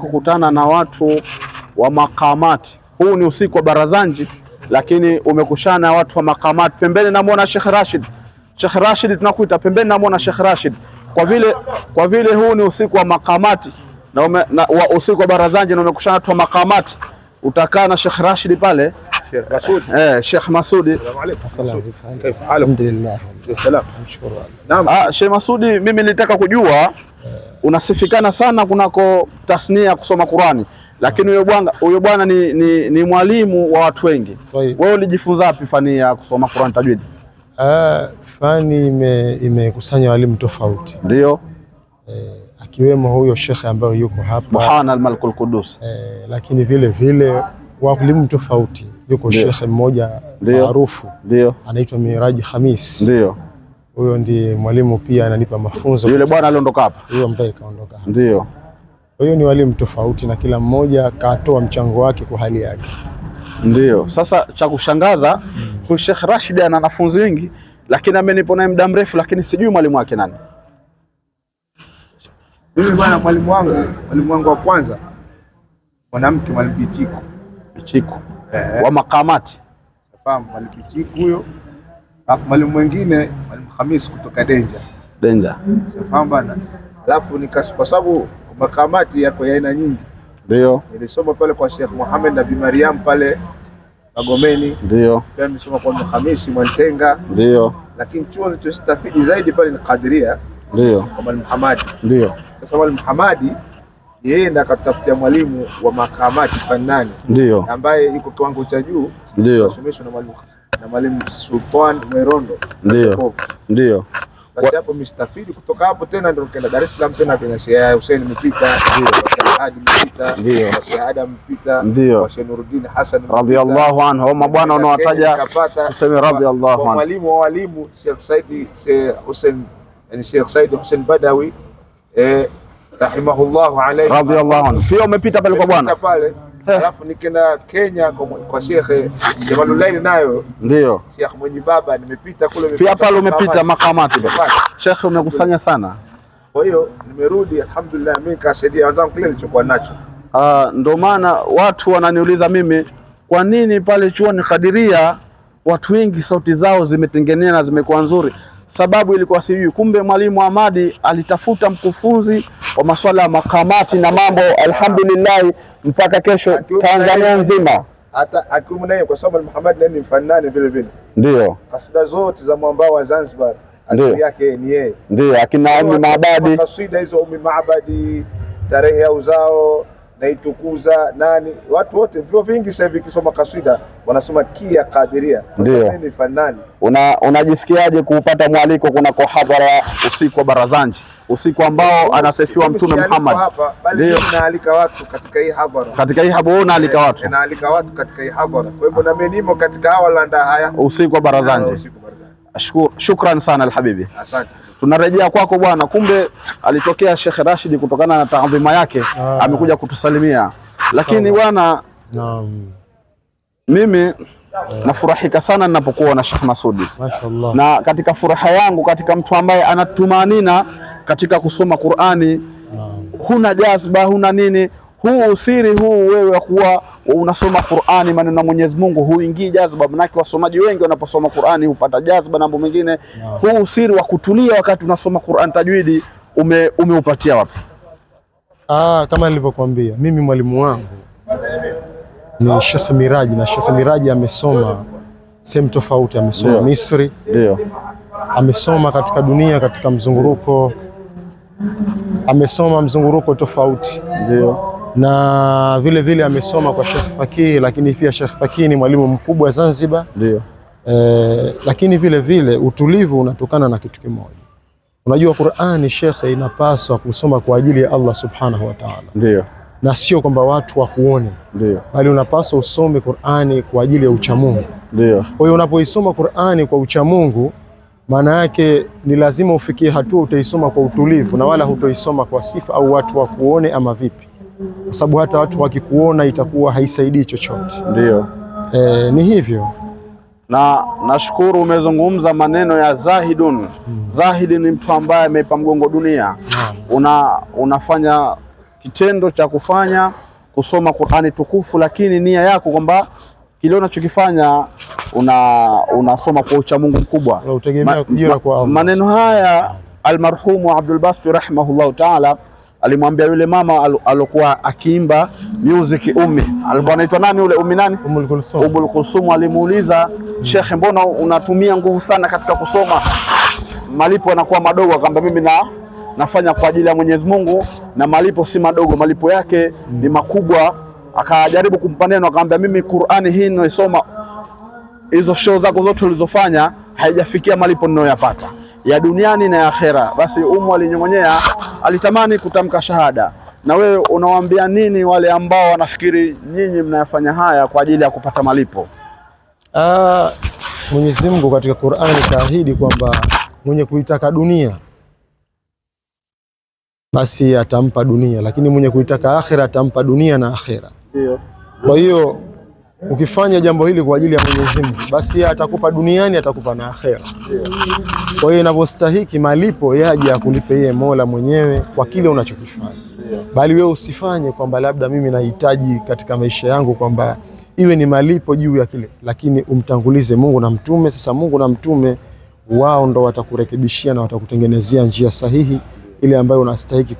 Kukutana na watu wa makamati. Huu ni usiku wa Barazanji, lakini umekushana watu wa makamati. Pembeni namwona Sheikh Rashid. Sheikh Rashid tunakuita pembeni, namwona Sheikh Rashid. Kwa vile kwa vile huu ni usiku wa makamati na, ume, na wa usiku wa Barazanji na umekushana watu wa makamati, utakaa na Sheikh Rashid pale Sheikh Masudi. Eh, Sheikh Masudi. Ah, Sheikh Masudi, mimi nilitaka kujua unasifikana sana kunako tasnia kusoma Qurani, lakini huyo bwana huyo bwana ni, ni, ni mwalimu wa watu wengi. Wewe ulijifunza wapi fani ya kusoma Qurani tajwidi? Uh, fani imekusanya ime walimu tofauti, ndio eh, akiwemo huyo shekhe ambaye yuko hapa Subhana al-Malikul Qudus eh, lakini vile vile walimu tofauti yuko shekhe mmoja maarufu anaitwa Miraji Khamis ndio huyo ndiye mwalimu pia ananipa mafunzo. Yule bwana aliondoka hapa, huyo ambaye kaondoka Ndio. huyo. ni walimu tofauti na kila mmoja katoa mchango wake kwa hali yake. Ndio. Sasa cha kushangaza huyu Sheikh Rashid ana wanafunzi wengi, lakini amenipo naye muda mrefu, lakini sijui mwalimu wake nani. Yule bwana mwalimu wangu, mwalimu wangu wa kwanza mwanamke, mwalimu Bichiko. Bichiko. Eh. Wa makamati. mwalimu Bichiko huyo alafu mwalimu mwingine mwalimu Hamis kutoka Denja Denja, sifahamu na Alafu nikas kwa sababu makamati yako ya aina nyingi, ndio nilisoma pale kwa Sheikh Muhammad Nabi Mariam pale Magomeni, ndio pia nimesoma kwa Hamisi Mwantenga, ndio lakini chuo nilichostafidi zaidi pale ni Kadiria, ndio kwa mwalimu Hamadi, ndio sasa mwalimu Hamadi yeye ndiye akatafutia mwalimu wa makamati fanani, ndio ambaye yuko kiwango cha juu, ndio someshwa na mwalimu na mwalimu Sultan Mwerondo. Ndio. Ndio. Basi hapo mistafidi kutoka hapo tena ndio kaenda Dar es Salaam tena kwenye Sheikh Hussein mpita. Ndio. mpita. Ndio. Kwa Sheikh Nuruddin Hassan radhiallahu anhu. Mabwana unaowataja tuseme radhiallahu anhu. Mwalimu wa walimu Sheikh Said Hussein yani Sheikh Said Hussein Badawi eh rahimahullahu alayhi radhiallahu anhu. Pia umepita pale kwa bwana. Alafu nikenda Kenya kwa Sheikh Jamalulaili nayo ndio Sheikh mwenye baba, nimepita kule pia pale, umepita makamati Sheikh umekusanya sana, kwa hiyo nimerudi, alhamdulillah, mimi kasaidia wenzangu kile nilichokuwa nacho. Ah, ndio maana watu wananiuliza mimi, kwa nini pale chuoni Kadiria watu wengi sauti zao zimetengenea na zimekuwa nzuri? Sababu ilikuwa sijui, kumbe mwalimu Ahmadi alitafuta mkufunzi wa masuala ya makamati na mambo, alhamdulillah mpaka kesho Tanzania nzima hata akiwemo naye kwa sababu Muhammad naye ni mfanani vile vile, ndio kasida zote za mwambao wa Zanzibar asili yake ni yeye, ndio akina Umi Maabadi, kasida hizo umi Maabadi, tarehe ya uzao naitukuza nani, watu wote, vio vingi sasa hivi kisoma kaswida wanasoma kia kadiria. Ndio ni fanani. Una unajisikiaje kuupata mwaliko kunako hadhara usiku wa Barazanji, usiku ambao anasefiwa Mtume Muhammad? Ndio, naalika watu katika hii hadhara, katika hii hapo unaalika eh, watu, naalika watu katika hii hadhara. Kwa hivyo na mimi nimo katika hawa landa haya usiku wa Barazanji. Ah, shukran sana alhabibi, asante. Tunarejea kwako bwana. Kumbe alitokea Sheikh Rashid kutokana na taadhima yake ah, amekuja kutusalimia lakini bwana naam, mimi nafurahika sana ninapokuona Sheikh Masudi Mashallah. Na katika furaha yangu katika mtu ambaye anatumanina katika kusoma Qur'ani, huna jazba huna nini huu usiri huu wewe wa kuwa unasoma Qur'ani, maneno ya Mwenyezi Mungu huingii jazba. Manake wasomaji wengi wanaposoma Qur'ani hupata jazba na mambo mengine no. Huu usiri wa kutulia wakati unasoma Qur'an tajwidi ume, umeupatia wapi? Ah, kama nilivyokuambia mimi mwalimu wangu ni Sheikh Miraji na Sheikh Miraji amesoma sehemu tofauti, amesoma Misri Dio. amesoma katika dunia katika mzunguruko amesoma mzunguruko tofauti Dio na vile vile amesoma kwa Sheikh Fakih, lakini pia Sheikh Fakih ni mwalimu mkubwa Zanzibar. Ndio. E, lakini vile vile utulivu unatokana na kitu kimoja. Unajua Qur'ani Sheikh, inapaswa kusoma kwa ajili ya Allah Subhanahu wa Ta'ala. Ndio. Na sio kwamba watu wakuone. Ndio. Bali unapaswa usome Qur'ani kwa ajili ya uchamungu. Ndio. Kwa hiyo unapoisoma Qur'ani kwa uchamungu maana yake ni lazima ufikie hatua utaisoma kwa utulivu na wala hutoisoma kwa sifa au watu wakuone ama vipi kwa sababu hata watu wakikuona itakuwa haisaidii chochote. Ndio e, ni hivyo. Na nashukuru umezungumza maneno ya Zahidun. Hmm. Zahidi ni mtu ambaye ameipa mgongo dunia. Hmm. Una, unafanya kitendo cha kufanya kusoma Qur'ani tukufu, lakini nia yako kwamba kile unachokifanya una unasoma kwa uchamungu mkubwa. Ma, ma, maneno haya almarhumu Abdul Basط rahimahullahu taala alimwambia yule mama alokuwa akiimba music ummi, alikuwa anaitwa nani yule ummi nani, Ummul Kulsum, alimuuliza shekhe, mbona unatumia nguvu sana katika kusoma, malipo yanakuwa madogo? Akamwambia mimi na nafanya kwa ajili ya Mwenyezi Mungu na malipo si madogo, malipo yake ni makubwa. Akajaribu kumpa neno, akamwambia mimi Qur'ani hii ninaisoma, hizo show zako zote ulizofanya haijafikia malipo ninayoyapata ya duniani na ya akhera. Basi Umu alinyong'onyea alitamani kutamka shahada. Na wewe unawaambia nini wale ambao wanafikiri nyinyi mnayafanya haya kwa ajili ya kupata malipo? Ah, Mwenyezi Mungu katika Qur'ani kaahidi kwamba mwenye kuitaka dunia basi atampa dunia, lakini mwenye kuitaka akhera atampa dunia na akhera. Ndio. Kwa hiyo Ukifanya jambo hili kwa ajili ya Mwenyezi Mungu, basi yeye atakupa duniani, atakupa na akhera. Kwa hiyo inavyostahiki malipo yaje akulipe yeye Mola mwenyewe kwa kile unachokifanya, bali wewe usifanye kwamba labda mimi nahitaji katika maisha yangu kwamba iwe ni malipo juu ya kile, lakini umtangulize Mungu na mtume. Sasa Mungu na mtume wao ndo watakurekebishia na watakutengenezea njia sahihi ile ambayo unastahiki